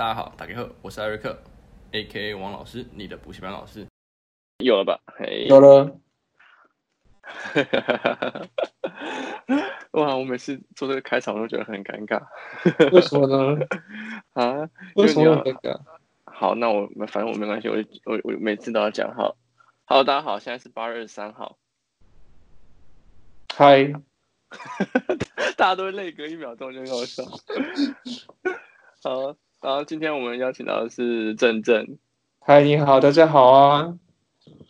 大家好，打開課，我是艾瑞克，A.K.A. 王老師，你的補習班老師，有了吧？Hey，有了。 哇，我每次做這個開場，我都覺得很尷尬 為麼、 啊。為什麼呢？啊 你？為什麼尷尬？好，那我反正我沒關係，我就我我每次都要講。好，Hello，、嗯、大家好，現在是八月二十三號。Hi。 大家都是淚隔一秒鐘就跟我說。 好。然後今天我們邀請到的是正正，嗨，你好，大家好啊！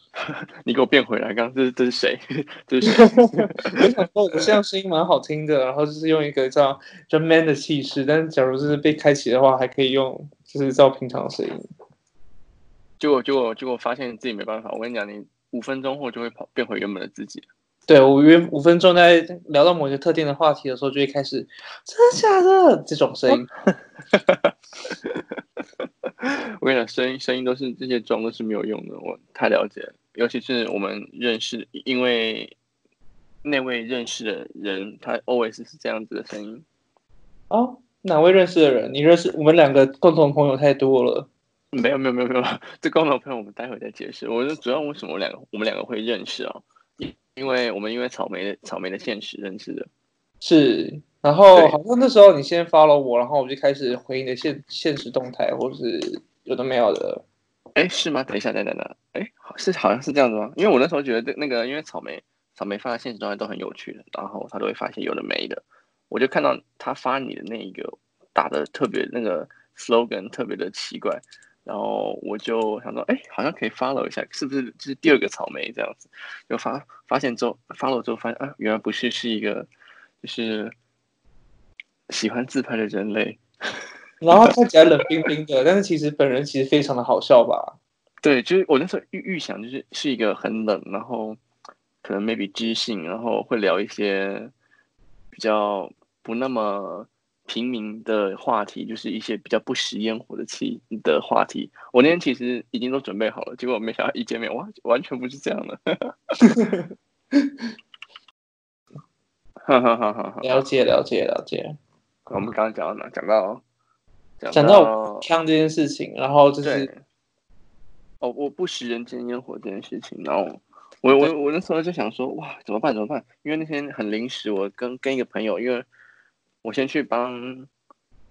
你給我變回來，剛剛這是這是誰？這是誰？我 想說，我現在聲音蠻好聽的，然後就是用一個叫“真 man” 的氣勢，但是假如就是被開啟的話，還可以用就是照平常的聲音。結果結果結果發現你自己沒辦法，我跟你講，你五分鐘後就會跑變回原本的自己。對我約五分鐘，在聊到某些特定的話題的時候，就會開始真的假的這種聲音。 我跟你講，聲音聲音都是這些裝，都是沒有用的。我太了解，尤其是我們認識，因為那位認識的人，他 always 是這樣子的聲音。哦，哪位認識的人？你認識我們兩個共同的朋友太多了。沒有沒有沒有沒有，這共同朋友我們待會再解釋。我覺得主要為什麼我們兩個我們兩個會認識啊？因為我們因為草莓的草莓的限時認識的，是，然後好像那時候你先 follow 我，然後我就開始回你的現限時動態，或是有的沒有的，哎，是嗎？等一下，等等等，哎，是好像是這樣子嗎？因為我那時候覺得那個因為草莓草莓發的限時動態都很有趣的，然後他都會發一些有的沒的，我就看到他發你的那個打的特別那個 slogan 特別的奇怪。然後我就想說，哎，好像可以 follow 一下，是不是這是第二個草莓這樣子？就發發現之後 follow 之後發現啊，原來不是是一個，就是喜歡自拍的人類。然後看起來冷冰冰的， 但是其實本人其實非常的好笑吧？對，就是我那時候預預想就是是一個很冷，然後可能 maybe 知性，然後會聊一些比較不那麼。平民的話題就是一些比較不食煙火的氣的話題。我那天其實已經都準備好了，結果沒想到一見面，哇，完全不是這樣的。哈哈哈哈哈！了解，了解，了解。我們剛剛講到哪？講到講到槍這件事情，然後就是哦，oh, 我不食人間煙火這件事情。然後我我我那時候就想說，哇，怎麼辦怎麼辦？因為那天很臨時，我跟跟一個朋友，因為。我先去幫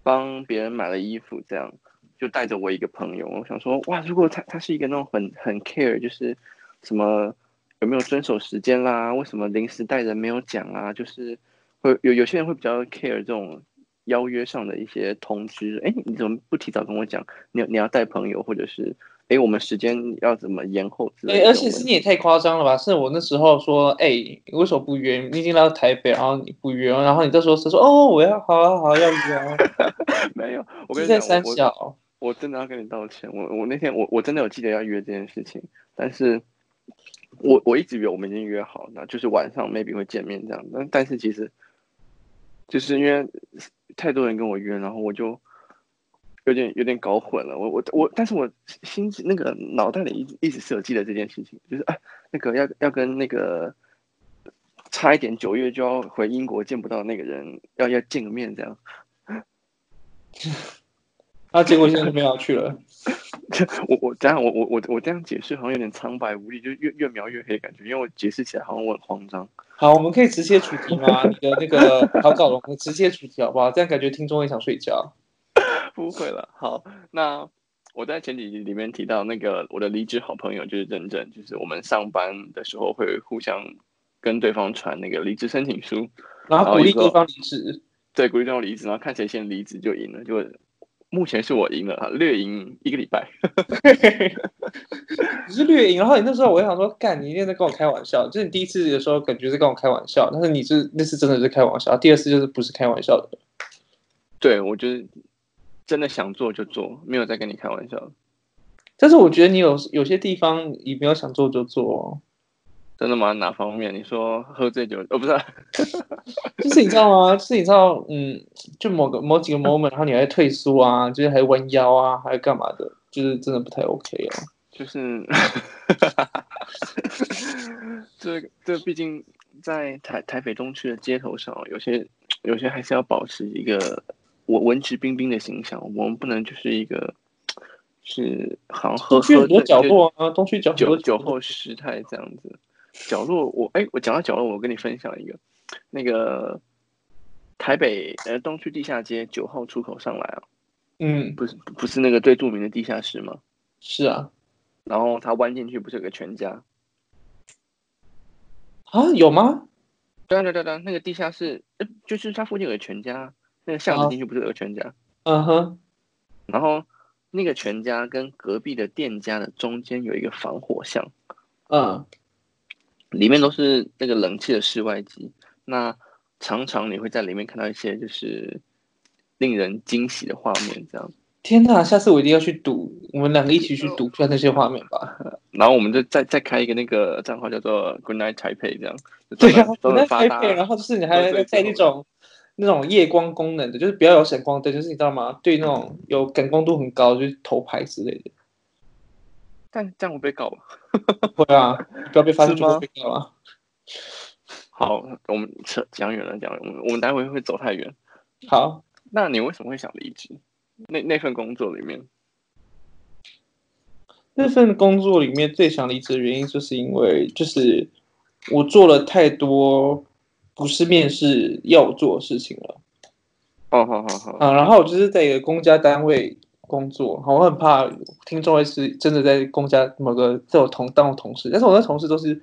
幫別人買了衣服，這樣就帶着我一個朋友。我想說，哇，如果他他是一個那種很很 care，就是什麼有沒有遵守時間啦，為什麼臨時帶人沒有講啊？就是會有有些人會比較 care 這種邀約上的一些通知。誒，你怎麼不提早跟我講？你你要帶朋友，或者是？哎、欸，我們時間要怎麼延後？對，而且是你也太誇張了吧！是我那時候說，哎、欸，為什麼不約？你已經來到台北，然後你不約，然後你這時候說，哦，我要好、啊、好要約 沒有，我跟你講，我在三小我。我真的要跟你道歉，我我那天我我真的有記得要約這件事情，但是我我一直以為我們已經約好了，就是晚上 maybe 會見面這樣，但但是其實就是因為太多人跟我約，然後我就。有點有點搞混了，我我我，但是我心那個腦袋裡一直一直是有記得這件事情，就是啊、哎，那個要要跟那個差一點九月就要回英國見不到那個人，要要見個面這樣。 啊，結果現在沒有要去了。 我我等下我我我我這樣解釋好像有點蒼白無力，就越越描越黑的感覺，因為我解釋起來好像我很慌張。好，我們可以直接出題嗎？ 你的那個好搞了，直接出題好不好？這樣感覺聽眾會想睡覺。不會了。好，那我在前幾集裡面提到那個我的離職好朋友，就是正正，就是我們上班的時候會互相跟對方傳那個離職申請書，然後鼓勵對方離職，對，鼓勵對方離職，然後看誰先離職就贏了。就目前是我贏了啊，略贏一個禮拜。只 是略贏。然後你那時候我也想說，幹，你一定在跟我開玩笑。就是你第一次的時候感覺是跟我開玩笑，但是你是那次真的是開玩笑，第二次就是不是開玩笑的。對，我覺得。真的想做就做，沒有在跟你開玩笑。但是我覺得你有有些地方你不要想做就做哦。真的嗎？哪方面？你說喝醉酒？哦，不是、啊， 就是你知道嗎？就是你知道，嗯，就某個某幾個 moment，然後你還在退縮啊、嗯，就是還彎腰啊，還幹嘛的？就是真的不太 OK 哦、啊。就是 就，這這畢竟在台台北東區的街頭上，有些有些還是要保持一個。我文質彬彬的形象，我們不能就是一個是好像喝喝的。東區角落啊，東區角落、啊，酒後失態這樣子。 角落，我哎，我講到角落，我跟你分享一個，那個台北呃東區地下街九號出口上來啊，嗯，不是不是那個最著名的地下室嗎？是啊，然後他彎進去不是有個全家？啊，有嗎？對啊對啊對對、啊，那個地下室，呃、就是他附近有個全家。那個巷子進去不是有個全家？嗯哼。然後那個全家跟隔壁的店家的中間有一個防火巷，uh. 嗯，裡面都是那個冷氣的室外機。那常常你會在裡面看到一些就是令人驚喜的畫面，這樣。天哪、啊，下次我一定要去賭，我們兩個一起去賭一下那些畫面吧、嗯嗯。然後我們就再再開一個那個賬號，叫做 Goodnight Taipei，這樣。對啊，Goodnight Taipei。然後就是你還在那種。那種夜光功能的，就是比較有閃光燈，就是你知道嗎？對那種有感光度很高，就是頭牌之類的。但這樣會被告嗎？會 啊，不要被發現就是被告是是嗎？好，我們扯講遠了，講遠了，我們我們待會不會走太遠。好，那你為什麼會想離職？那那份工作裡面，那份工作裡面最想離職的原因，就是因為就是我做了太多。不是面試要做的事情了。哦，好好好。然後我就是在一個公家單位工作。好，我很怕聽眾會是真的在公家某個在我同當我同事，但是我的同事都是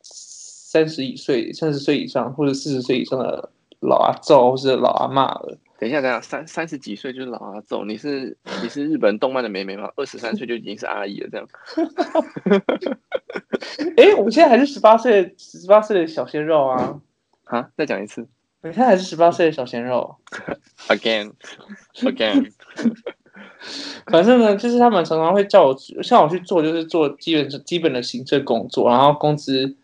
三十以歲、三十歲以上或者四十歲以上的老阿丈或是老阿嬤了。等一下，等一下，三三十幾歲就是老阿丈，你是你是日本動漫的美眉嗎？二十三歲就已經是阿姨了， 這樣？哎， 我現在還是十八歲，十八歲的小鮮肉啊。啊！再講一次，他還是十八歲的小鮮肉。Again，again Again。 反正呢，就是他們常常會叫我，像我去做，就是做基本基本的行政工作，然後工資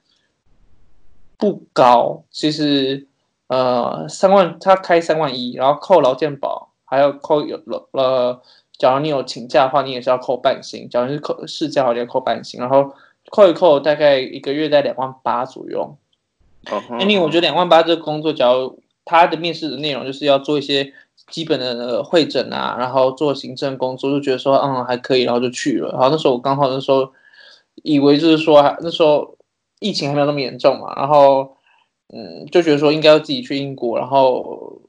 不高。其實呃，三萬他開三萬一，然後扣勞健保，還有扣有了了、呃。假如你有請假的話，你也是要扣半薪。假如是扣事假，也要扣半薪。然後扣一扣，大概一個月在兩萬八左右。Uh -huh.，any，我覺得兩萬八這個工作，假如他的面試的內容就是要做一些基本的會診啊，然後做行政工作，就覺得說嗯還可以，然後就去了。然後那時候我剛好那時候以為就是說那時候疫情還沒有那麼嚴重嘛，然後嗯就覺得說應該要自己去英國，然後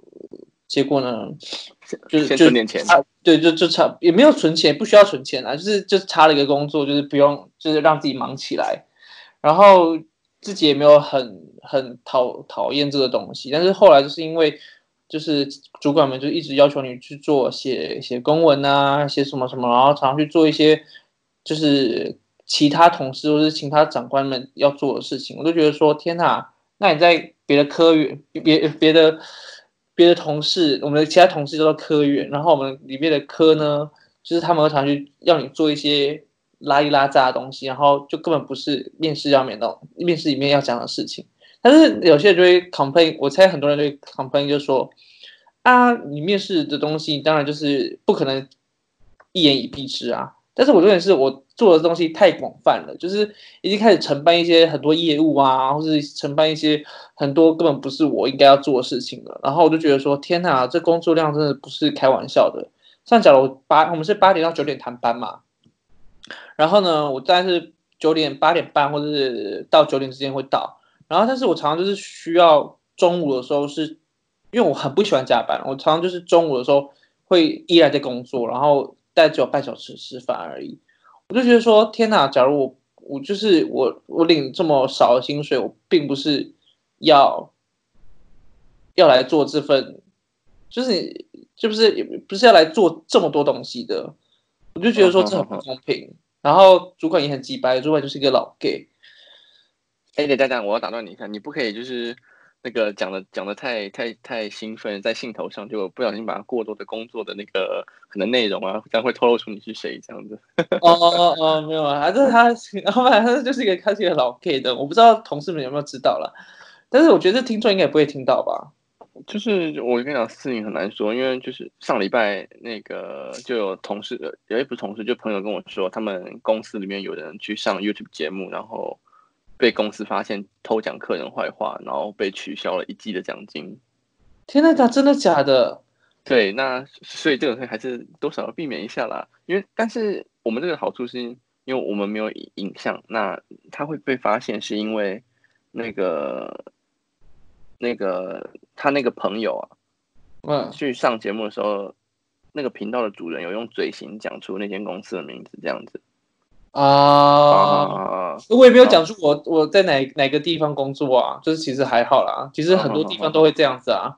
結果呢，就是就年前、啊、對，就就差也沒有存錢，不需要存錢啊，就是就是差了一個工作，就是不用就是讓自己忙起來，然後。自己也沒有很很討討厭這個東西，但是後來就是因為就是主管們就一直要求你去做寫寫公文啊，寫什麼什麼，然後常去做一些就是其他同事或者是其他長官們要做的事情，我就覺得說天哪，那你在別的科員，別別的別的同事，我們的其他同事叫做科員，然後我們裡面的科呢，就是他們常常去要你做一些拉一拉雜的東西，然後就根本不是面試要面到，面試裡面要講的事情。但是有些人就會 complain，我猜很多人就會 complain，就說啊，你面試的東西當然就是不可能一言以蔽之啊。但是我覺得是我做的東西太廣泛了，就是已經開始承辦一些很多業務啊，或是承辦一些很多根本不是我應該要做的事情了。然後我就覺得說，天哪，這工作量真的不是開玩笑的。像假如八，我們是八點到九點談班嘛。然後呢，我大概是九點八點半或者是到九點之間會到。然後，但是我常常就是需要中午的時候是，是因為我很不喜歡加班。我常常就是中午的時候會依然在工作，然後大概只有半小時吃飯而已。我就覺得說，天哪！假如我我就是我我領這麼少的薪水，我並不是要要來做這份，就是你就不是不是要來做這麼多東西的。我就覺得說這很不公平。 然後主管也很機掰，主管就是一個老 gay。哎、欸，等大家，我要打斷你一下，你不可以就是那個講的講的太太太興奮，在興頭上就不小心把過多的工作的那個可能內容啊，這樣會透露出你是誰這樣子。哦哦哦，沒有啊，還是他，老闆他就是一個他是一個老 gay 的，我不知道同事們有沒有知道了，但是我覺得聽眾應該也不會聽到吧。就是我跟你講，事情很難說，因為就是上禮拜那個就有同事，有，也不是同事就朋友跟我說，他們公司裡面有人去上 YouTube 節目，然後被公司發現偷講客人壞話，然後被取消了一季的獎金。天吶，他真的假的？對，那所以這種事還是多少要避免一下啦。因為但是我們這個好處是因為我們沒有影像，那他會被發現是因為那個。那個他那個朋友啊，嗯，去上節目的時候、嗯，那個頻道的主人有用嘴型講出那間公司的名字，這樣子啊，我、啊、也沒有講出我我在哪、啊、哪個地方工作啊，就是其實還好啦，其實很多地方都會這樣子啊，啊啊啊啊啊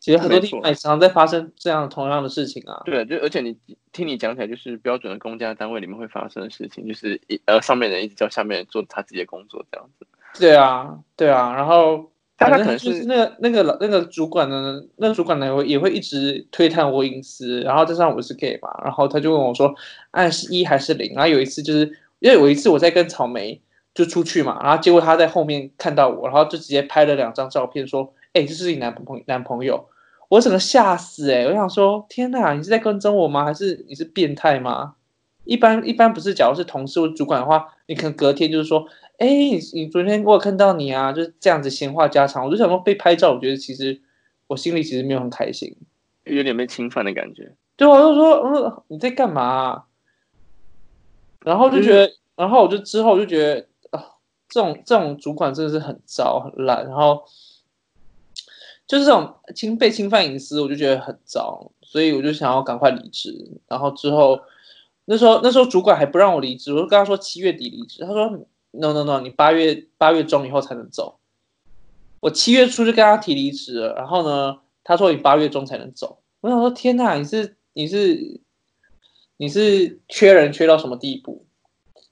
其實很多地方常常在發生這樣同樣的事情啊，對啊，就而且你聽你講起來，就是標準的公家單位裡面會發生的事情，就是一呃，上面人一直叫下面人做他自己的工作這樣子，對啊，對啊，然後。那個那個老那個主管呢，那個主管呢，也會也會一直窺探我隱私，然後再加上我是 gay 嘛，然後他就問我說：“哎，是一還是零？”然後有一次就是因為有一次我在跟草莓就出去嘛，然後結果他在後面看到我，然後就直接拍了兩張照片說：“哎、欸，這是你男朋男朋友。”我整個嚇死哎、欸！我想說：“天哪，你是在跟蹤我嗎？還是你是變態嗎？”一般一般不是，假如是同事或主管的話，你可能隔天就是說。哎，你你昨天我有看到你啊！就是這樣子閒話家常，我就想說被拍照，我覺得其實我心裡其實沒有很開心，有點被侵犯的感覺。對，我就說，嗯，你在幹嘛，啊？然後就覺得，嗯，然後我就之後就覺得，啊，這種這種主管真的是很糟很爛，然後就是這種侵被侵犯隱私，我就覺得很糟，所以我就想要趕快離職。然後之後那時候那時候主管還不讓我離職，我就跟他說七月底離職，他說。no no no，你八月八月中以後才能走。我七月初就跟他提離職了，然後呢，他說你八月中才能走。我想說，天哪，你是你是你是缺人缺到什麼地步？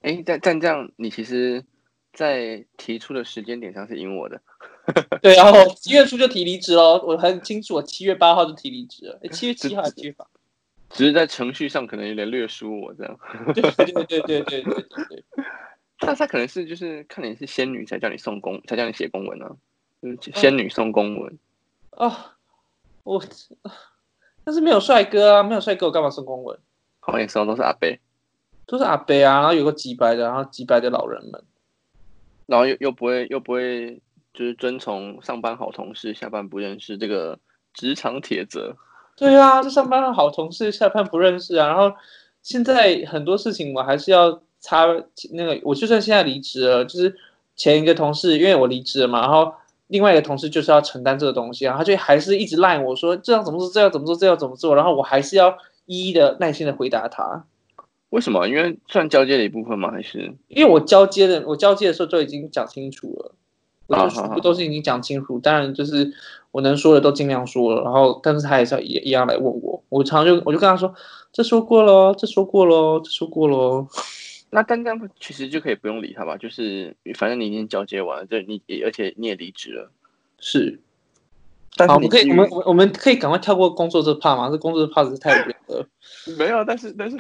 哎，但但這樣你其實，在提出的時間點上是贏我的。 對，然後七月初就提離職了。我很清楚，我七月八號就提離職了。哎，七月七號還是七月八？只是在程序上可能有點略輸我這樣。對對對對對對對。那他可能是就是看你是仙女才叫你送公，才叫你寫公文呢、啊，就是仙女送公文啊，啊！我，但是沒有帥哥啊，沒有帥哥我幹嘛送公文？後面送都是阿伯。都是阿伯啊。然後有個吉白的，然後吉白的老人們，然後又又不會又不會就是遵從上班好同事下班不認識這個職場鐵則。對啊，這上班好同事下班不認識啊。然後現在很多事情，我們還是要。他那個我就算現在離職了，就是前一個同事，因為我離職了嘛，然後另外一個同事就是要承擔這個東西、啊，然後他就還是一直賴我說這樣怎麼做，這樣怎麼做，這樣怎麼做，然後我還是要一一的耐心的回答他。為什麼？因為算交接的一部分嗎？還是因為我交接的，我交接的時候都已經講清楚了，啊、我就全部都是已經講清楚、啊，當然就是我能說的都盡量說了，然後但是他也是要一樣來問我，我常就我就跟他說，這說過了，這說過了，這說過了。這說過咯，這說過咯。那剛剛不，其實就可以不用理他吧，就是反正你已經交接完了，對，你而且你也離職了，是。但是你好，我們可以我們我們可以趕快跳過工作這 part 嗎？這工作 part 是太無聊。 沒有，但是但是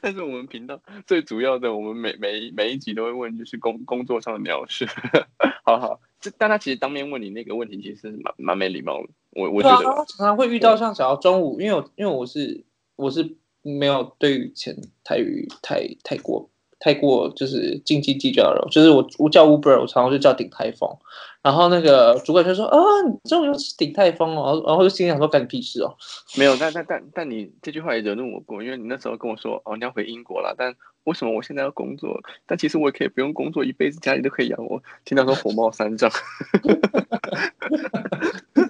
但是我們頻道最主要的，我們每每每一集都會問，就是工工作上的鳥事。 好好，這但他其實當面問你那個問題，其實是蠻蠻沒禮貌的。我我覺得，啊、他常常會遇到像想要中午，因為因為我是我是。沒有對以，對於前太太太過太過就是斤斤計較了，就是我我叫 Uber 我常常就叫鼎泰豐，然後那個主管就說啊，你這種又是鼎泰豐哦，然後就心裡想說乾屁事哦，沒有，那那但但但但你這句話也惹怒我過，因為你那時候跟我說哦你要回英國了，但為什麼我現在要工作？但其實我也可以不用工作，一輩子家裡都可以養我，聽到說火冒三丈。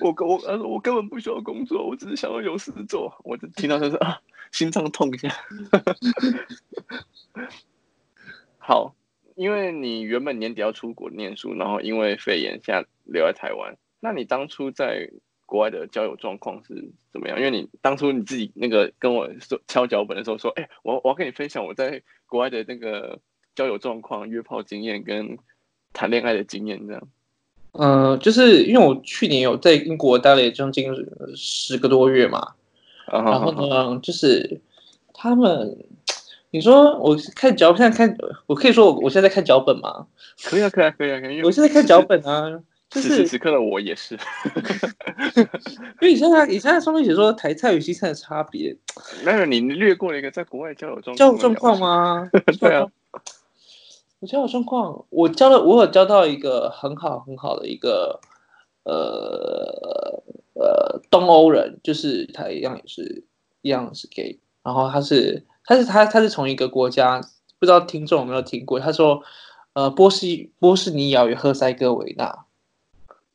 我跟我我根本不需要工作，我只是想要有事做。我就聽到他說啊，心臟痛一下。 好，因為你原本年底要出國念書，然後因為肺炎現在留在台灣。那你當初在國外的交友狀況是怎麼樣？因為你當初你自己那個跟我說敲腳本的時候說，哎、欸，我我要跟你分享我在國外的那個交友狀況、約炮經驗跟談戀愛的經驗這樣。嗯，就是因為我去年有在英國待了將近十個多月嘛，啊、然後呢、啊，就是他們，你說我看腳，現在看我可以說我我現在,在看腳本嗎？可以啊，可以啊，可以啊，因為我現在看腳本啊，此時就是此,時此刻的我也是， 因為你現在你現在上面寫說台菜與西餐的差別，那你略過了一個在國外交友中交友狀況嗎？ 對啊。交友狀況，我交了，我有交到一個很好很好的一個，呃呃，東歐人，就是他一樣也是一樣是 gay，然後他是他是他他是從一個國家，不知道聽眾有沒有聽過，他說，呃，波西波斯尼亞與赫塞哥維那，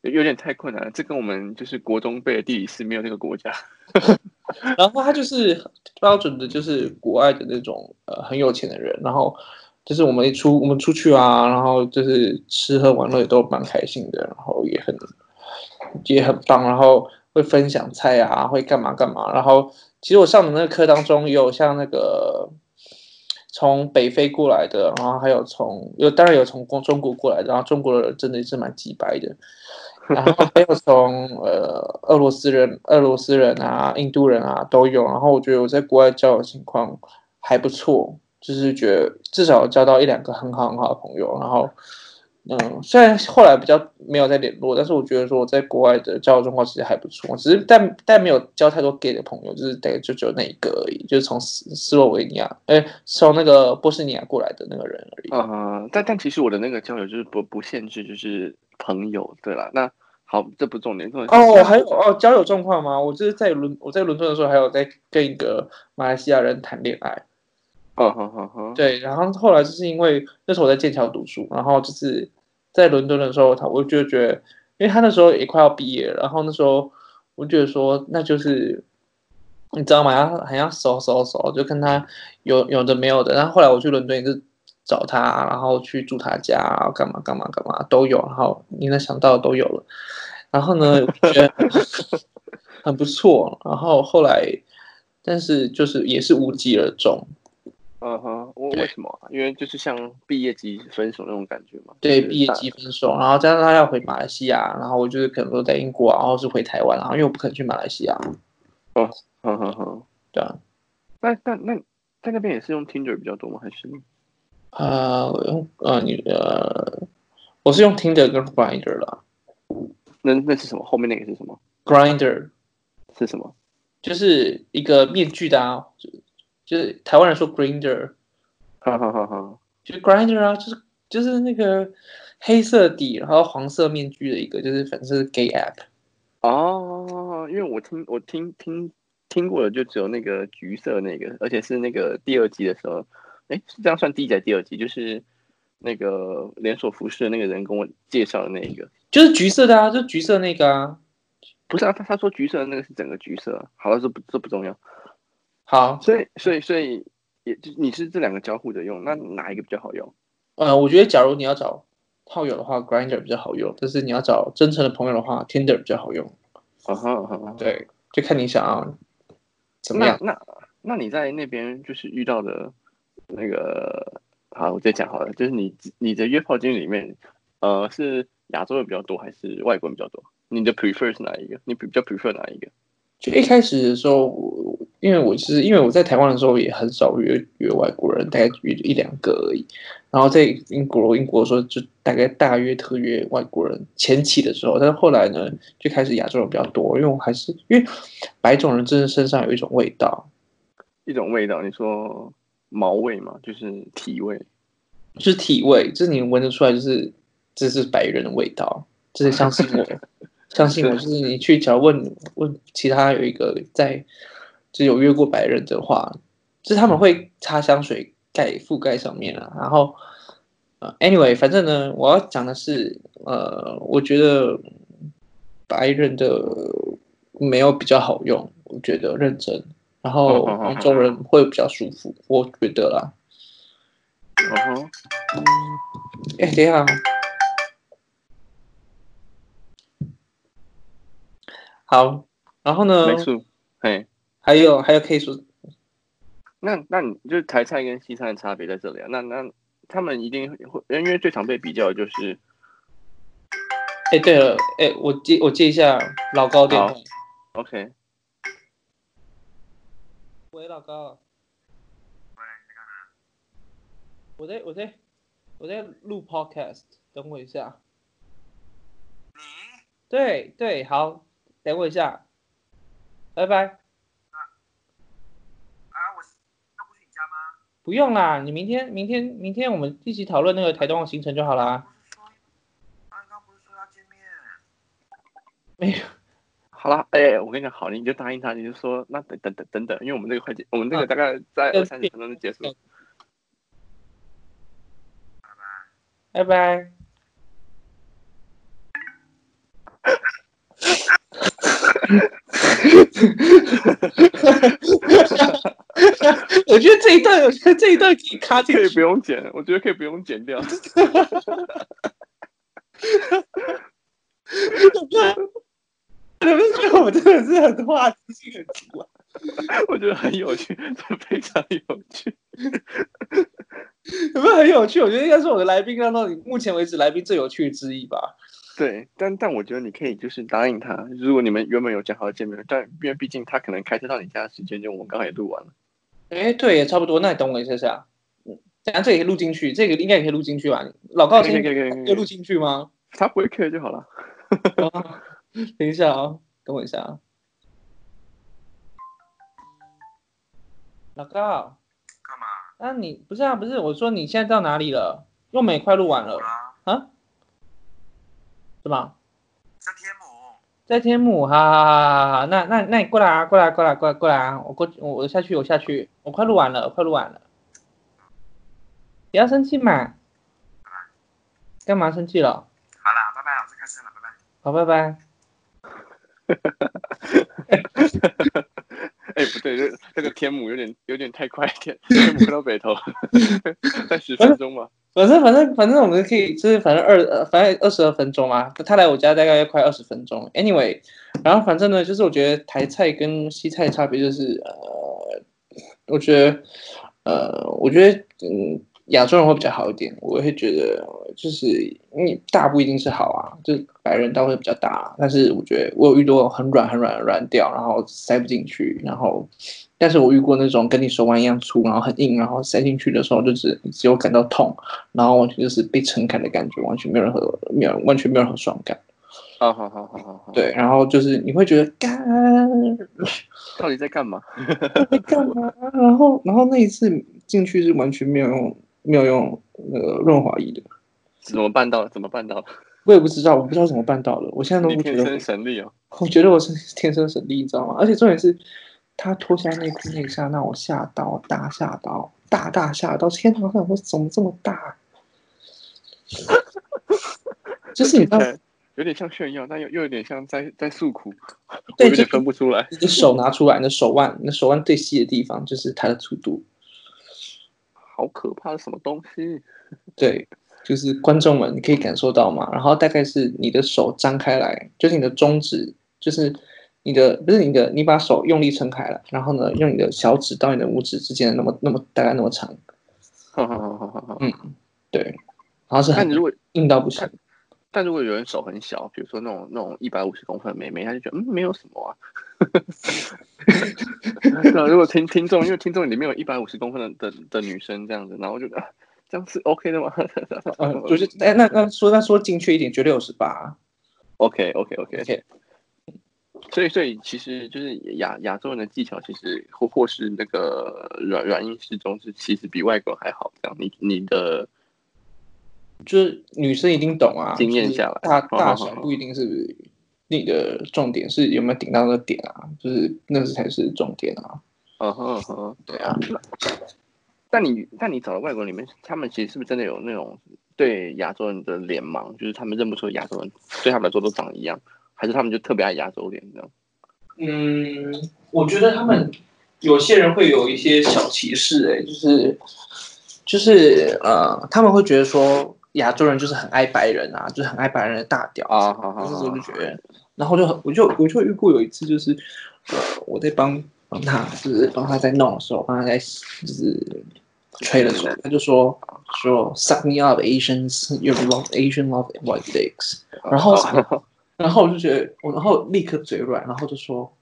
有點太困難了，這跟我們就是國中背的地理是沒有那個國家， 然後他就是標準的就是國外的那種呃很有錢的人，然後。就是我們一出我們出去啊，然後就是吃喝玩樂也都蠻開心的，然後也很也很棒，然後會分享菜啊，會幹嘛幹嘛。然後其實我上的那個課當中，有像那個從北非過來的，然後還有從有當然有從中中國過來的，然後中國人真的也是蠻機掰的，然後還有從呃俄羅斯人、俄羅斯人啊、印度人啊都有。然後我覺得我在國外交友情況還不錯。就是覺得至少交到一兩個很好很好的朋友，然後，嗯，雖然後來比較沒有再聯絡，但是我覺得說我在國外的交友狀況其實還不錯，只是但但沒有交太多 gay 的朋友，就是得就只有那一個而已，就是從斯斯洛維尼亞，哎、欸，從那個波士尼亞過來的那個人而已。啊、嗯，但但其實我的那個交友就是不不限制，就是朋友，對了，那好，這不重點。重點哦，還有哦，交友狀況嗎？我就是在倫我在倫敦的時候，還有在跟一個馬來西亞人談戀愛。好好好好，對。然後後來就是因為那時候我在劍橋讀書，然後就是在倫敦的時候，他我就覺得，因為他那時候也快要畢業了，然後那時候我就覺得說，那就是你知道嗎？要還要搜搜搜，就跟他有有的沒有的。然後後來我去倫敦就找他，然後去住他家，然後幹嘛幹嘛幹嘛都有。然後你能想到的都有了。然後呢，我覺得很， 很不錯。然後後來，但是就是也是無疾而終。嗯哼，我為什麼、啊？因為就是像畢業季分手那種感覺嘛。對，畢、就是、業季分手，然後加上他要回馬來西亞，然後我就是可能說在英國、啊，然後是回台灣、啊，然後又不肯去馬來西亞。哦，好好好，對啊。那那那在那邊也是用 Tinder 比較多嗎？還是？啊，我用啊你呃，我是用 Tinder 跟 Grinder 了。那那是什麼？後面那個是什麼？Grinder 是什麼？就是一個面具的啊。就是台灣人說 grinder，好好好好，就是 grinder 啊，就是就是那個黑色底，然後黃色面具的一個，就是粉色 gay app。哦，因為我聽我聽聽聽過了，就只有那個橘色那個，而且是那個第二季的時候，哎、欸，是這樣算第一季還是第二季？就是那個連鎖服飾的那個人跟我介紹的那一個，就是橘色的啊，就是、橘色那個啊，不是啊，他他說橘色的那個是整個橘色，好了、啊，這不這不重要。好，所以所以所以，也就你是這兩個交互着用，那你哪一個比較好用？呃，我覺得假如你要找炮友的話，Grindr 比較好用；但是你要找真誠的朋友的話，Tinder 比較好用。好、uh-huh, uh-huh. 對，就看你想要怎麼樣。那那，那你在那邊就是遇到的，那個，好，我再講好了，就是你你的約炮經歷裡面，呃，是亞洲的比較多，還是外國人比較多？你的 prefer 是哪一個？你比較 prefer 哪一個？就一開始的時候，我。因為我其實，因為我在台灣的時候也很少約約外國人，大概約一兩個而已。然後在英國，英國的時候就大概大約特約外國人，前期的時候，但是後來呢就開始亞洲人比較多，因為我還是因為白種人真的身上有一種味道，一種味道，你說毛味嗎？就是體味，就是體味，就是你聞得出來，就是這是白人的味道，就是相信我， 相信我，就是你去只要問問其他有一個在是有約過白人的話，就是他們會擦香水蓋覆蓋上面啊，然後、呃、anyway 反正呢，我要講的是，呃，我覺得白人的沒有比較好用，我覺得認真，然後歐洲人會比較舒服， 我覺得啦。嗯哼，哎，等一下，好，然後呢？沒錯，嘿。還有、欸、還有可以說，那那你就是台菜跟西餐的差別在這裡啊？那那他們一定會，因為最常被比較的就是，哎，對了，哎、欸，我接我接一下老高電話，OK 喂，老高。喂，你在幹啥？我在，我在，我在錄 Podcast，等我一下。你？對對，好，等我一下，拜拜。不用啦，你明天明天明天我們繼續討論那個台東的行程就好了，啊。剛剛不是說要見面？沒有。好啦，哎、欸，我跟你講好，你就答應他，你就說那等等等等等，因為我們這個會結，啊、我們這個大概在二三十分鐘就結束。拜拜。 我覺得這一段，我覺得這一段可以卡進去，可以不用剪。我覺得可以不用剪掉。哈哈哈！哈哈！哈哈！哈哈！我真的是很話題性很 我覺得很有趣，非常有趣。有沒有很有趣？我覺得應該是我的來賓當中，讓到你目前為止來賓最有趣的之一吧。對，但但我覺得你可以就是答應他，如果你們原本有講好的見面，但因為畢竟他可能開車到你家的時間，就我們剛好也錄完了。哎、欸，對，也差不多。那你等我一下、啊、一下，嗯，咱這個錄進去，這個應該也可以錄進去吧？你老高，可以可以可以錄進去嗎？他不會就好了、 哦。等一下啊、哦，等我一下。老高，幹嘛？那、啊、你不是啊，不是，我說你現在到哪裡了？又沒快錄完了？啊？啊是吧？三天在天母，好好好好，那那那你過來啊，過來、啊、過來過、啊、來過來啊，我過去我下去我下去，我快錄完了，快錄完了，不要生氣嘛，幹嘛生氣了？好了，拜拜，我開車了，拜拜，好拜拜，哎、 欸、不對，這、那個天母有點有點太快，天天母到北投， 再十分鐘吧。欸反正反正反正，反正反正我們可以就是反正二、呃、反正二十二分鐘嘛，他來我家大概要快二十分鐘。Anyway，然後反正呢，就是我覺得台菜跟西菜差別就是呃，我覺得呃，我覺得嗯，亞洲人會比較好一點。我會覺得就是你大不一定是好啊，就是白人倒會比較大，但是我覺得我有遇到很軟很軟很軟掉，然後塞不進去，然後。但是我遇過那種跟你手腕一樣粗，然後很硬，然後塞進去的時候就是你只有感到痛，然後完全就是被撐開的感覺，完全沒有任何沒有完全沒有任何爽感。啊、哦，好好好好好。對，然後就是你會覺得幹，到底在幹嘛？在幹嘛？然後然後那一次進去是完全沒有用沒有用那個潤滑液的，怎麼辦到？怎麼辦到？我也不知道，我不知道怎麼辦到了，我現在都不覺得。天生神力哦。我覺得我是天生神力，你知道嗎？而且重點是。他脫下內褲那一下，那我嚇到我大嚇到大大嚇到天堂、啊、上，我怎麼這麼大、啊？ 就是你，有點像炫耀，但又又有點像在在訴苦，對有點分不出來。就是、你的手拿出來，你的手腕，你的手腕最細的地方就是它的粗度。好可怕，的什麼東西？ 對，就是觀眾們你可以感受到嘛。然後大概是你的手張開來，就是你的中指，就是。你的不是你的，你把手用力撐開了，然後呢，用你的小指到你的拇指之間那麼那麼大概那麼長。好好好好好，嗯，對，它是。但如果硬到不行但但，但如果有人手很小，比如說那種那種一百五十公分的妹妹，她就覺得嗯沒有什麼啊。那 如果聽聽眾，因為聽眾裡面有一百五十公分的的的女生這樣子，然後就啊，這樣是 OK 的嗎？就是哎那那說那說精確一點，絕對有十八。OK OK OK OK。所以，所以其實就是亞亞洲人的技巧，其實或或是那個軟軟硬適中，是其實比外國還好。這樣，你你的就是女生一定懂啊，經驗下來，就是，大大小不一定是那個你的重點哦哦哦哦，是有沒有頂到那個點啊？就是那個才是重點啊。嗯哼哼，對啊。 但你但你找到外國人裡面，他們其實是不是真的有那種對亞洲人的臉盲？就是他們認不出亞洲人，對他們來說都長一樣。還是他們就特別愛亞洲臉這樣？嗯，我覺得他們有些人會有一些小歧視哎，就是就是呃，他們會覺得說亞洲人就是很愛白人啊，就是很愛白人的大屌 啊，就是我就覺得，然後就我就我就，我就遇過有一次就是呃，我在幫幫他就是幫他在弄的時候，幫他在就是吹了吹，他就說說 Suck me up Asians, you love Asian love white dicks， 然後什。 然後我就覺得我，然後立刻嘴軟，然後就說，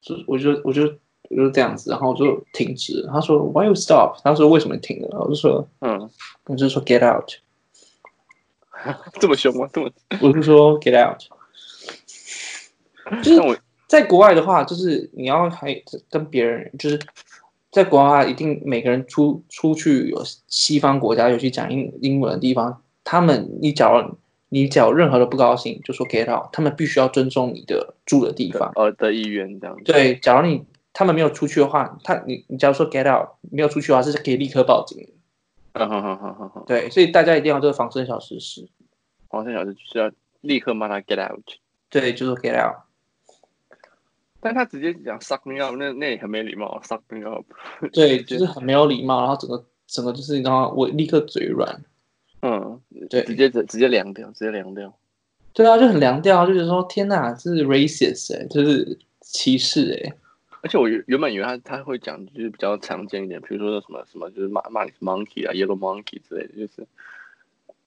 就我就我就我就這樣子，然後我就停止。他說 Why you stop？他說為什麼停了？我就說嗯，我就說 Get out。這麼兇嗎？這麼？我就說 Get out。就是在國外的話，就是你要還跟別人，就是在國外一定每個人出出去有西方國家，有去講英英文的地方，他們一講。你只要任何的不高興就說 get out，他們必須要尊重你的住的地方呃、哦、的意願這樣子。對，假如你他們沒有出去的話，他你你只要說 get out，沒有出去的話是可以立刻報警。嗯，好好好好對，所以大家一定要做防身小知識。防身小知識要立刻罵他 get out。對，就說 get out。但他直接講 suck me up，那那也很沒禮貌 suck me up。 對，就是很沒有禮貌，然後整個整個就是你知道我立刻嘴軟。嗯，對，直接直直接涼掉，直接涼掉。對啊，就很涼掉，就覺得說天吶，這是 racist 哎、欸，這、就是歧視哎、欸。而且我原原本以為他他會講就是比較常見一點，比如說什麼什麼就是罵罵你是 monkey 啊，yellow monkey 之類，的，就是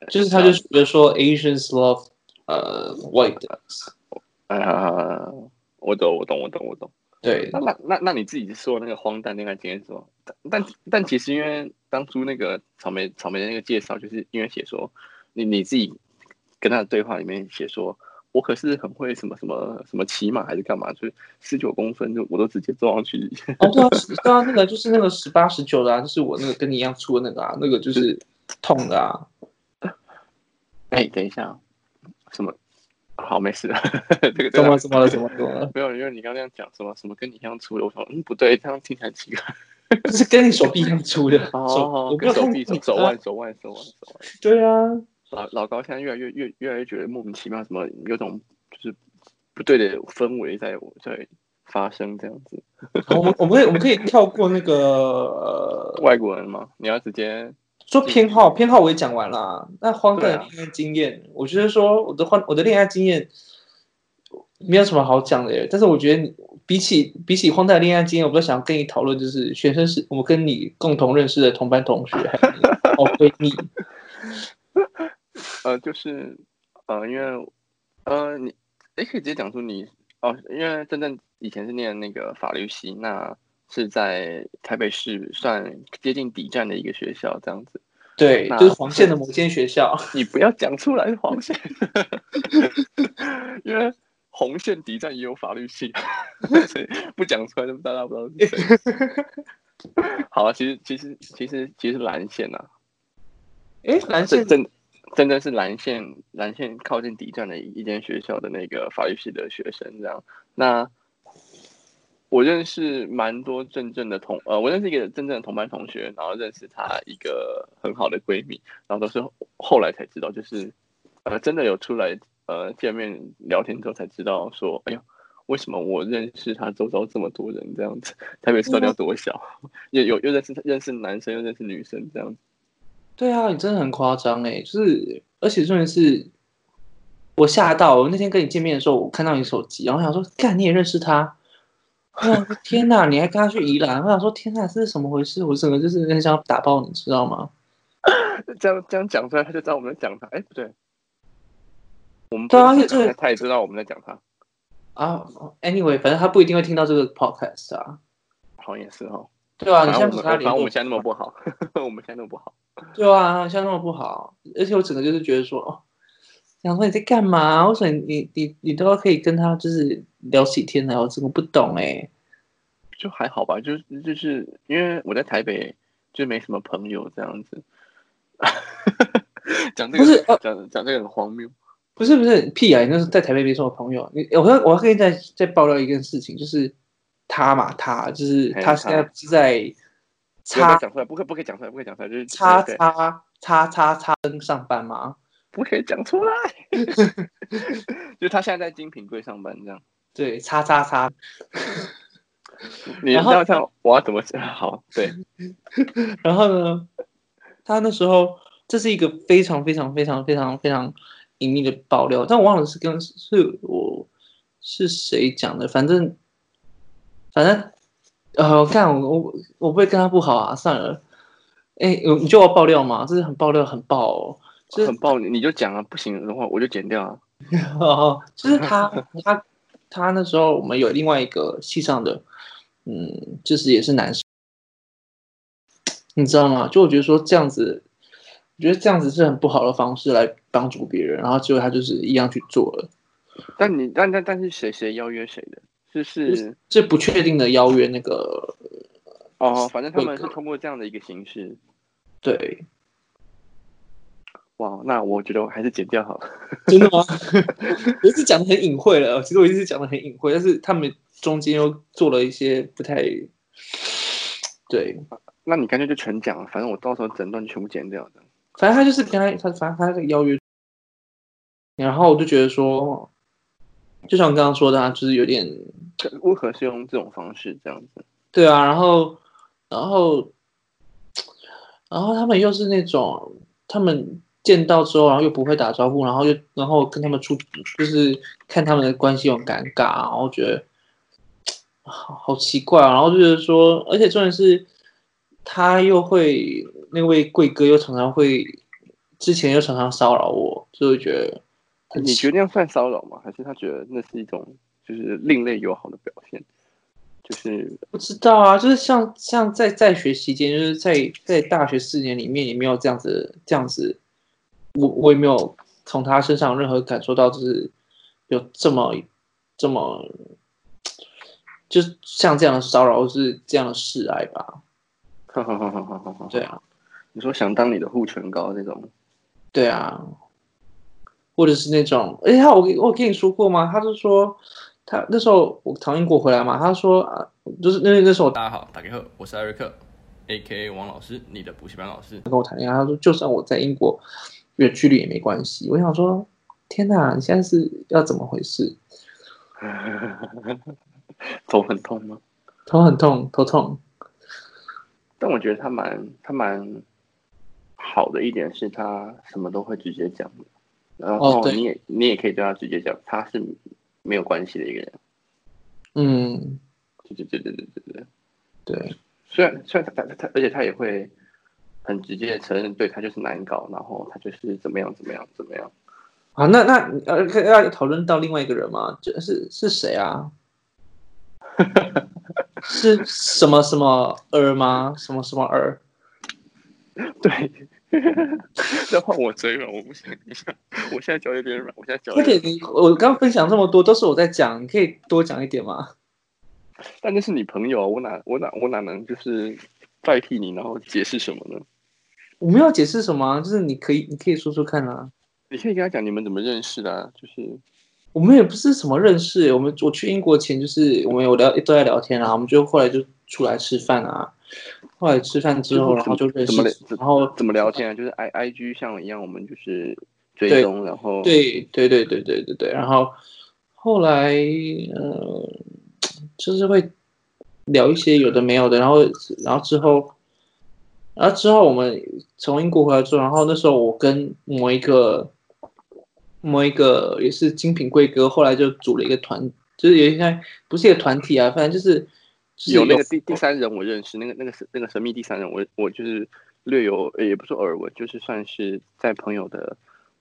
就是他就是比如說 Asians love 呃、uh, white ducks 哎呀、哎哎哎，我懂我懂我懂我懂。我懂對，對，對，對，那那那那你自己說那個荒誕那個今天說，但但其實因為當初那個草莓草莓的那個介紹，就是因為寫說你你自己跟他的對話裡面寫說我可是很會什麼什麼什麼騎馬還是幹嘛，就是十九公分就我都直接坐上去。哦，剛剛、啊 啊、那個就是那個十八十九的，啊，就是我那個跟你一樣粗的那個啊，那個就是痛的啊。哎、欸，等一下，什麼？好，沒事了。 這個怎麼怎麼了？怎麼怎麼了？沒有，因為你剛剛講什麼什麼跟你一樣粗的，我說嗯不對，這樣聽起來很奇怪。 不是跟你手臂一樣粗的，好好好，我跟手臂一彎走彎走彎走對啊，老老高現在越來越越越來越覺得莫名其妙，什麼有種就是不對的氛圍在我在發生這樣子。 哦、我們我們我們可以跳過那個 呃外國人嗎？你要直接。說偏好偏好我也講完了。啊，那荒誕的戀愛經驗。啊，我覺得說，我的荒我的戀愛經驗，沒有什麼好講的耶。但是我覺得比起比起荒誕的戀愛經驗，我比較想跟你討論，就是學生是我跟你共同認識的同班同學。哦，對你， 呃，就是呃，因為呃，你也可以直接講出你哦，因為正正以前是念那個法律系那，是在台北市算接近底站的一個學校，這樣子。對，就是黃線的某間學校。你不要講出來黃線。 因為紅線底站也有法律系， 所以不講出來，大家不知道是誰 好啊，其實其實其實其實是藍線吶，啊。哎，欸，藍線真真的是藍線藍線靠近底站的一一間學校的那個法律系的學生這樣。那我認識蠻多真正的同呃，我認識一個真正的同班同學，然後認識他一個很好的閨蜜，然後都是後來才知道，就是呃真的有出來呃見面聊天之後才知道說，哎呀，為什麼我認識他周遭這麼多人這樣子？特別是到底要多小，嗯、又有又認識認識男生，又認識女生這樣子。對啊，你真的很誇張哎、欸！就是而且重點是我嚇到，我那天跟你見面的時候，我看到你手機，然後想說，幹你也認識他？哇、哦、天吶，你還跟他去宜蘭？我想說天吶，是這是怎麼回事？我整個就是很想打爆你，知道嗎？ 這樣這樣講出來，他就知道我們在講他。哎、欸，不對，我們對啊，因、啊、為他也知道我們在講他啊，啊。Anyway，反正他不一定會聽到這個 podcast 啊。好也是哦。對啊，你先現理。把我們現在那麼不好， 我們現在那麼不好。對啊，現在那麼不好，而且我整個就是覺得說。然後你在幹嘛？我說你你你,你都可以跟他就是聊幾天然後我怎麼不懂哎？就還好吧，就是，就是因為我在台北就沒什麼朋友這樣子。 講這個不是講、啊、講,講這個很荒謬，不是不是屁啊！你就是在台北沒什麼朋友。你我我可以再再爆料一件事情，就是他嘛，他就是他現在是在。他，要不要講出來，不可以不可以講出來，不可以講出來，就是叉叉叉叉叉跟上班嗎？不可以講出來。 就他現在在精品櫃上班，這樣對。叉叉叉，你知道他我要怎麼講好？對。然後呢，他那時候這是一個非常非常非常非常非常隱秘的爆料，但我忘了是跟是我是誰講的，反正反正呃，我幹我我我不會跟他不好啊，算了。哎、欸，你就我要爆料嘛，這是很爆料，很爆、哦。是很暴力，你你就講啊，不行的話我就剪掉啊。哦， 就是他他他那時候我們有另外一個系上的，嗯，就是也是男生，你知道嗎？就我覺得說這樣子，我覺得這樣子是很不好的方式來幫助別人，然後最後他就是一樣去做了。但你但但但是誰誰邀約誰的？就是這、就是、不確定的邀約那個哦，哦，反正他們是通過這樣的一個形式，對。哇，那我覺得我還是剪掉好了。 真的嗎？ 我是講的很隱晦了，其實我一直講的很隱晦，但是他們中間又做了一些不太對。那你乾脆就全講了，反正我到時候整段就全部剪掉的。反正他就是跟他他反正他這個邀約，然後我就覺得說，哦，就像剛剛說的啊，就是有點為何是用這種方式這樣子？對啊，然後然後然後他們又是那種他們。見到之後，然後又不會打招呼，然後又然後跟他們出，就是看他們的關係很尷尬，然後覺得好，好奇怪啊，然後就覺得說，而且重點是他又會那位貴哥又常常會之前又常常騷擾我，所以就會覺得、啊、你覺得那樣算騷擾嗎？還是他覺得那是一種就是另類友好的表現？就是不知道啊，就是像像在在學期間，就是在在大學四年裡面也沒有這樣子這樣子。.我我也沒有從他身上任何感受到，就是有這麼這麼，就是像這樣的騷擾，是這樣的示愛吧？ 對啊，你說想當你的護唇膏那種？對啊，或者是那種……哎、欸，他我我，我跟你說過嗎？他就說他那時候我從英國回來嘛，他說啊，就是那那時候大家好，打給客，我是艾瑞克，A.K.A. 王老師，你的補習班老師，他跟我談戀愛，他就說就算我在英國。遠距離也沒關係。我想說，天哪，你現在是要怎麼回事？頭 很痛嗎？頭很痛，頭痛、痛。但我覺得他蠻他蠻好的一點是他什麼都會直接講，然後你也、哦、你也可以對他直接講，他是沒有關係的一個人。嗯，對對對對對對對對。雖然雖然他他他，而且他也會，很直接的承認，對他就是難搞，然後他就是怎麼樣怎麼樣怎麼樣。啊，那那呃，可以要討論到另外一個人嗎？就是是誰啊？ 是什麼什麼兒嗎？什麼什麼兒？對，再 換 我追吧，我不想聽，我現在腳有點軟，我現在腳有點。而且你，我剛分享這麼多都是我在講，你可以多講一點嗎？但那是你朋友，啊，我哪我哪我哪能就是代替你，然後解釋什麼呢？我們要解釋什麼啊？就是你可以，你可以說說看啊。你可以跟他講你們怎麼認識的啊，就是我們也不是什麼認識，我們我去英國前就是我們有聊都在聊天啊，我們就後來就出來吃飯啊，後來吃飯之後，然後就認識，怎麼怎麼怎麼然後怎麼聊天啊，就是 I I G 像我一樣，我們就是追蹤，然後對對對對對對對，然後後來呃就是會聊一些有的沒有的，然後然後之後。然後之後我們從英國回來之後，然後那時候我跟某一個某一個也是精品貴哥，後來就組了一個團，就是也應該，不是一個團體啊，反正就是,是有,有那個第三人我認識那個那個那個神秘第三人我，我我就是略有也不是耳聞，我就是算是在朋友的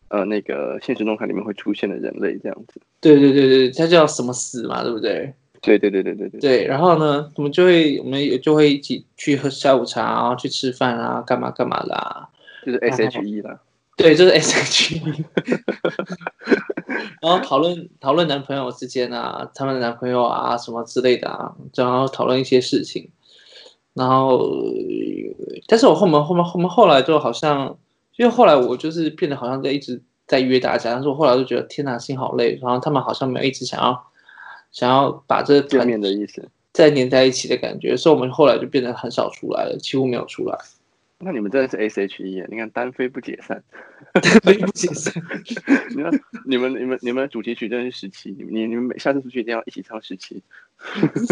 呃那個現實動態裡面會出現的人類這樣子。對對對對，他叫什麼死嘛，對不對？對對對對對對，對，然後呢，我們就會，我們也就會一起去喝下午茶啊，然後去吃飯啊，幹嘛幹嘛啦啊，就是 SHE 了啊，對，就是 SHE， 然後討論討論男朋友之間啊，他們的男朋友啊什麼之類的啊，然後討論一些事情，然後，但是我後面後面後面後來就好像，因為後來我就是變得好像在一直在約大家，但是我後來就覺得天哪，心好累，然後他們好像沒有一直想要。想要把這對面的意思再粘在一起的感覺，所以我們後來就變得很少出來了，幾乎沒有出來。那你們真的是 SHE 啊？你看單飛不解散，單飛不解散。 你看你們你們你們的主題曲真的是十七，你們你們每下次出去一定要一起唱十七。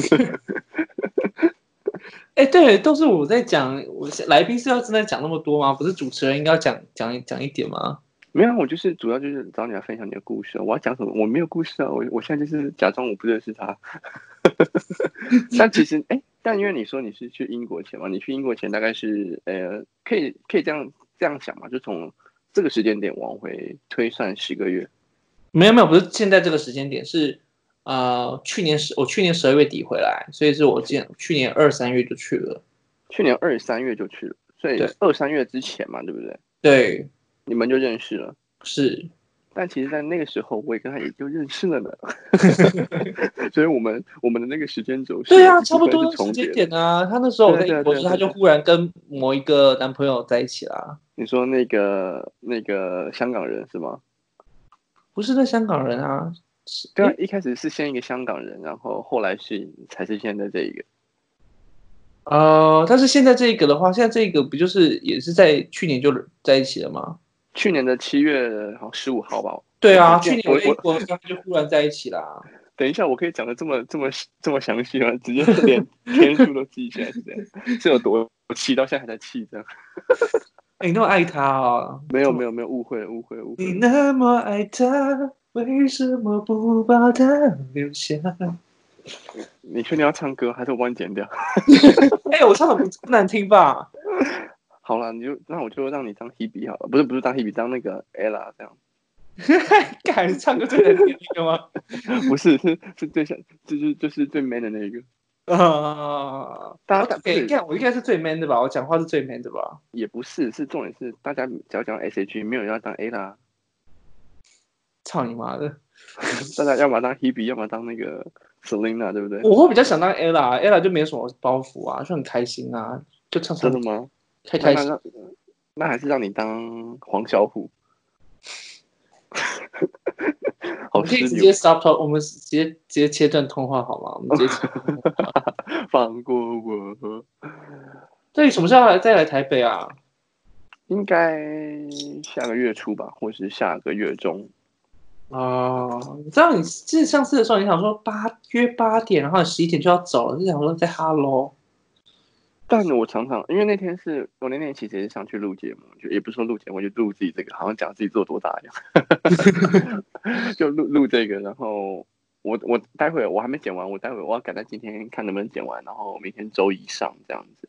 哎，對，都是我在講。我來賓是要真的講那麼多嗎？不是主持人應該要講講講一點嗎？沒有，我就是主要就是找你來分享你的故事。我要講什麼？我沒有故事啊。我我現在就是假裝我不認識他。 但其實，哎，但因為你說你是去英國前嘛，你去英國前大概是呃，可以可以這樣這樣想嘛，就從這個時間點往回推算十個月。沒有沒有，不是現在這個時間點是啊、呃，去年十我去年十二月底回來，所以是我之前去年二三月就去了，去年二三月就去了，所以二三月之前嘛，對不對？對。你們就認識了，是，但其實，在那個時候，我也跟他也就認識了呢。 所以，我們我們的那個時間軸，對啊是，差不多時間點啊。他那時候我在，我說他就忽然跟某一個男朋友在一起了，啊。你說那個那個香港人是嗎？不是在香港人啊，是對啊一開始是先一個香港人，然後後來是才是現在這一個。啊、呃，但是現在這一個的話，現在這一個不就是也是在去年就在一起了嗎？去年的七月好十五號吧？對啊，去年我我他們就忽然在一起了。等一下，我可以講的這麼這麼 這麼詳細嗎？直接連天數都記下來是這樣，是有多我氣到現在還在氣著、欸？你那麼愛他哦？沒有沒有沒有誤會誤會誤會。你那麼愛他，為什麼不把他留下？ 你確定要唱歌，還是我幫你剪掉？哎、 欸，我唱的不不難聽吧？好了，你就那我就讓你當 Hebe 好了，不是不是當 Hebe，當那個 Ella 這樣。 敢唱歌最難聽的嗎？ 不是是是最像，就是就是最 man 的那一個。啊、uh，大家敢？你、okay, 看我應該是最 man 的吧？我講話是最 man 的吧？也不是，是重點是大家只要講 S H，沒有人要當 Ella。操你媽的！ 大家要麼當 Hebe，要麼當那個 Selina，對不對？我會比較想當 Ella，Ella Ella 就沒有什麼包袱啊，就很開心啊，就唱什麼。真的嗎？太開心，那還是讓你當黃小琥。 好我們可以直接 stop 掉，我們直接直接切斷通話好嗎？ 放過我。對，什麼時候來再來台北啊？應該下個月初吧，或是下個月中。哦、uh,，你知道你其實上次的時候，你想說八約八點，然後十一點就要走了，你想說在 hello。但我常常，因為那天是我那天其實也想去錄節目，就也不是說錄節目，我就錄自己這個，好像講自己做多大一樣， 就錄錄這個。然後我我待會我還沒剪完，我待會我要趕在今天看能不能剪完，然後明天週一上這樣子。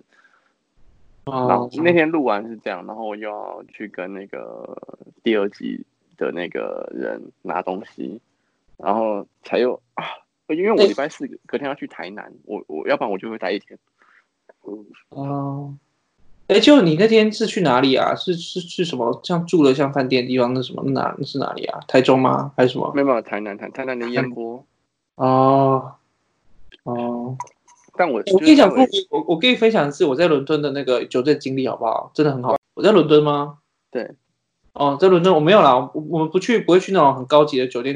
啊、然後、啊、那天錄完是這樣，然後又要去跟那個第二季的那個人拿東西，然後才有啊，因為我禮拜四隔天要去台南，欸、我我要不然我就會待一天。哦，哎，就你那天是去哪裡啊？是是去什麼？像住的像飯店的地方那什麼，哪是哪裡啊？台中嗎？還是什麼？沒有，台南，南台南的煙波。哦，哦，但我我跟你講，我可以、就是、我跟你分享的是我在倫敦的那個酒店經歷，好不好？真的很好。我在倫敦嗎？對。哦、uh，在倫敦我沒有啦，我我們不去不會去那種很高級的酒店，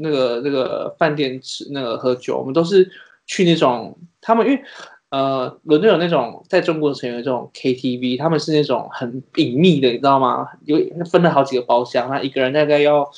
那個那個飯店吃那個喝酒，我們都是去那種他們因為。呃，倫敦有那種，在中國城有，這種 KTV，他們是那種很隱秘的，你知道嗎？有分了好幾個包廂，他一個人大概要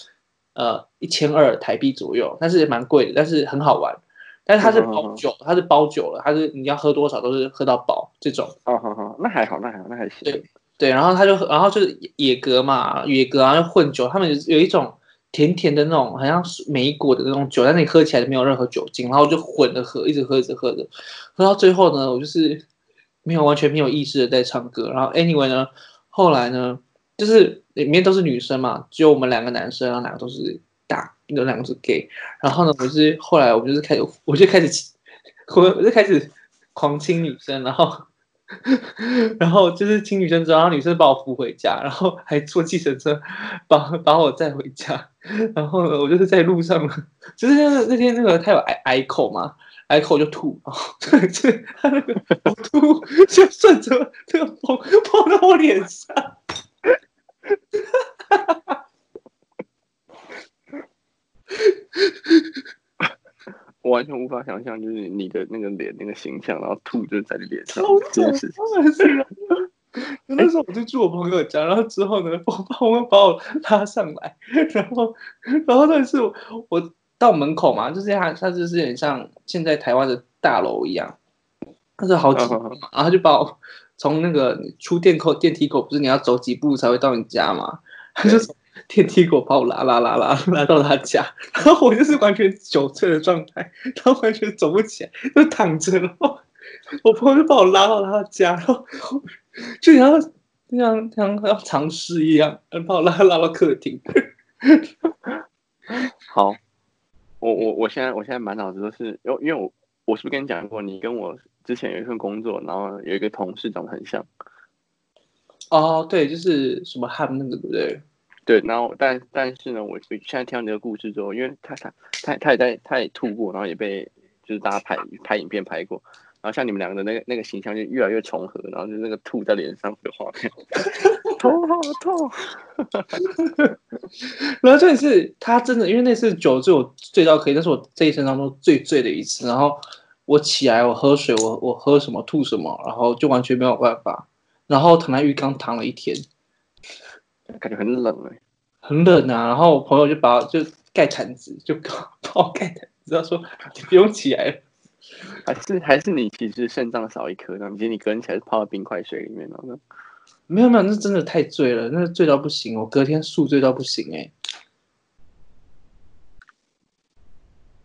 呃一千二台幣左右，但是也蠻貴的，但是很好玩。但是他是包酒，他是包酒、哦哦、他是包酒了，他是你要喝多少都是喝到飽這種。哦，好，好，那還好，那還好，那還行。對對，然後他就，然後就是野格嘛，野格、啊，然後混酒，他們有一種。甜甜的那種，好像是莓果的那種酒，但是你喝起來就沒有任何酒精，然後我就混着喝，一直喝，一直喝着，喝到最後呢，我就是沒有完全沒有意識的在唱歌。然後 anyway 呢，後來呢，就是裡面都是女生嘛，只有我們兩個男生，然後兩個都是大，有兩個是 gay，然後呢，我就是、後來我就是開始，我就開始我我就開始狂親女生，然後。然後就是請女生，然後女生把我扶回家，然後還坐計程車把把我載回家。然後呢，我就是在路上了，就是那，那天那個他有挨挨口嘛，挨口就吐，哦、對對，他那個吐就 順着風就潑到我臉上， 我完全無法想象，就是你的那個臉、那個形象，然後吐就是在你臉上，真的是這件事情。 那時候我就住我朋友家，欸、然後之後呢，我朋友把我拉上來，然後然後但是我，我到門口嘛，就是他他就是有點像現在台灣的大樓一樣，它是好幾層嘛， 然後就把我從那個出電口電梯口，不是你要走幾步才會到你家嘛，他就。 電梯給我把我拉拉拉拉拉到他家，然後我就是完全酒醉的狀態，然後完全走不起來，就躺着。然後我朋友就把我拉到他家，然後就然後就像像要藏屍一樣，把我拉拉到客廳。好，我我我現在我現在滿腦子都是，因因為我我是不是跟你講過，你跟我之前有一份工作，然後有一個同事長得很像。哦，對，就是什麼漢那個，對不對？對，然後但但是呢，我我現在聽到你的故事之後，因為他他他他也在，他也吐過，然後也被就是大家拍拍影片、拍過，然後像你們兩個的那個那個形象，就越來越重合，然後就那個吐在臉上的畫面， 頭好痛。 然後這一次他真的，因為那次酒醉我醉到可以，那是我這一生當中最醉的一次。然後我起來，我喝水，我我喝什麼吐什麼，然後就完全沒有辦法，然後躺在浴缸躺，躺了一天。感覺很冷哎、欸，很冷啊，然後我朋友就把我就蓋毯子，就把我蓋毯子，只要說不用起來了。還是還是你其實腎臟少一顆，然後明天你跟起來泡在冰塊水裡面，然後沒有沒有，那真的太醉了，那醉到不行，我隔天宿醉到不行哎、欸。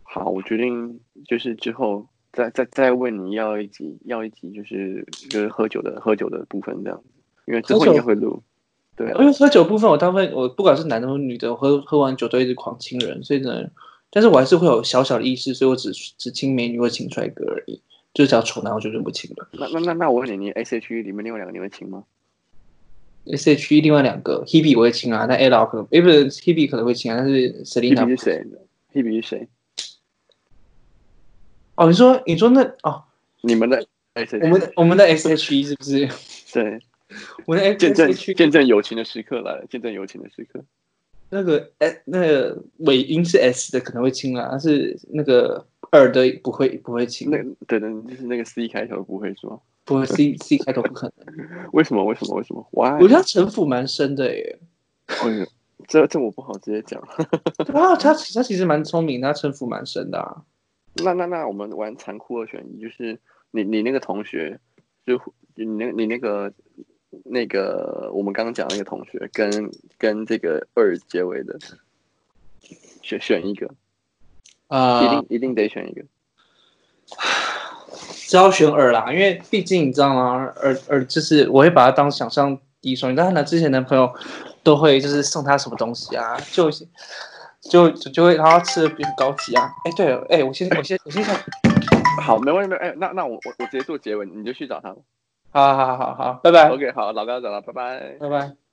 好，我決定就是之後再再再問你要一集，要一集就是就是喝酒的喝酒的部分這樣，因為之後應該會錄。對、啊，因為喝酒部分，我單位，我不管是男的或女的，我喝喝完酒都一直狂親人，所以呢，但是我還是會有小小的意識，所以我只只親美女，我親帥哥而已，就是只要醜男我就認不清了。那那那,那我問你，你 S H E 裡面另外兩個你會親嗎？S H E 另外兩個 Hebe 我會親啊，那 Ella 可能，也不 Hebe 可能會親，啊。但是 Selina 誰？Hebe 是誰？哦，你說你說那哦，你們的 S，我們我們的,的 S H E 是不是？ 對。我那見證見證友情的時刻來了，見證友情的時刻。那個哎，那個尾音是 S 的可能會清了，啊，但是那個二的不會不會清。那對對，就是那個 C 開頭不會說，不會 C C 開頭不可能。 為什麼？為什麼？為什麼？Why！我覺得他城府蠻深的耶。哎 呦， 這這我不好直接講。 啊、他他其實蠻聰明，他城府蠻深的啊。那那那我們玩殘酷二選一，就是你你，你那個同學就你那你那個。那個我們剛剛講的那個同學跟跟這個二結尾的選選一個啊，一定、uh, 一定得選一個，只、啊、要選二啦，因為畢竟你知道嗎？二二就是我會把它當想象第一雙，但他之前男朋友都會就是送他什麼東西啊，就就就，就，就會然後吃的比較高級啊。哎對了，哎我先我先、哎、我先想，好沒問題，沒有哎，那那我我，我直接做結尾，你就去找他吧。好好好好，拜拜。OK，好，老高走了，拜拜，拜拜。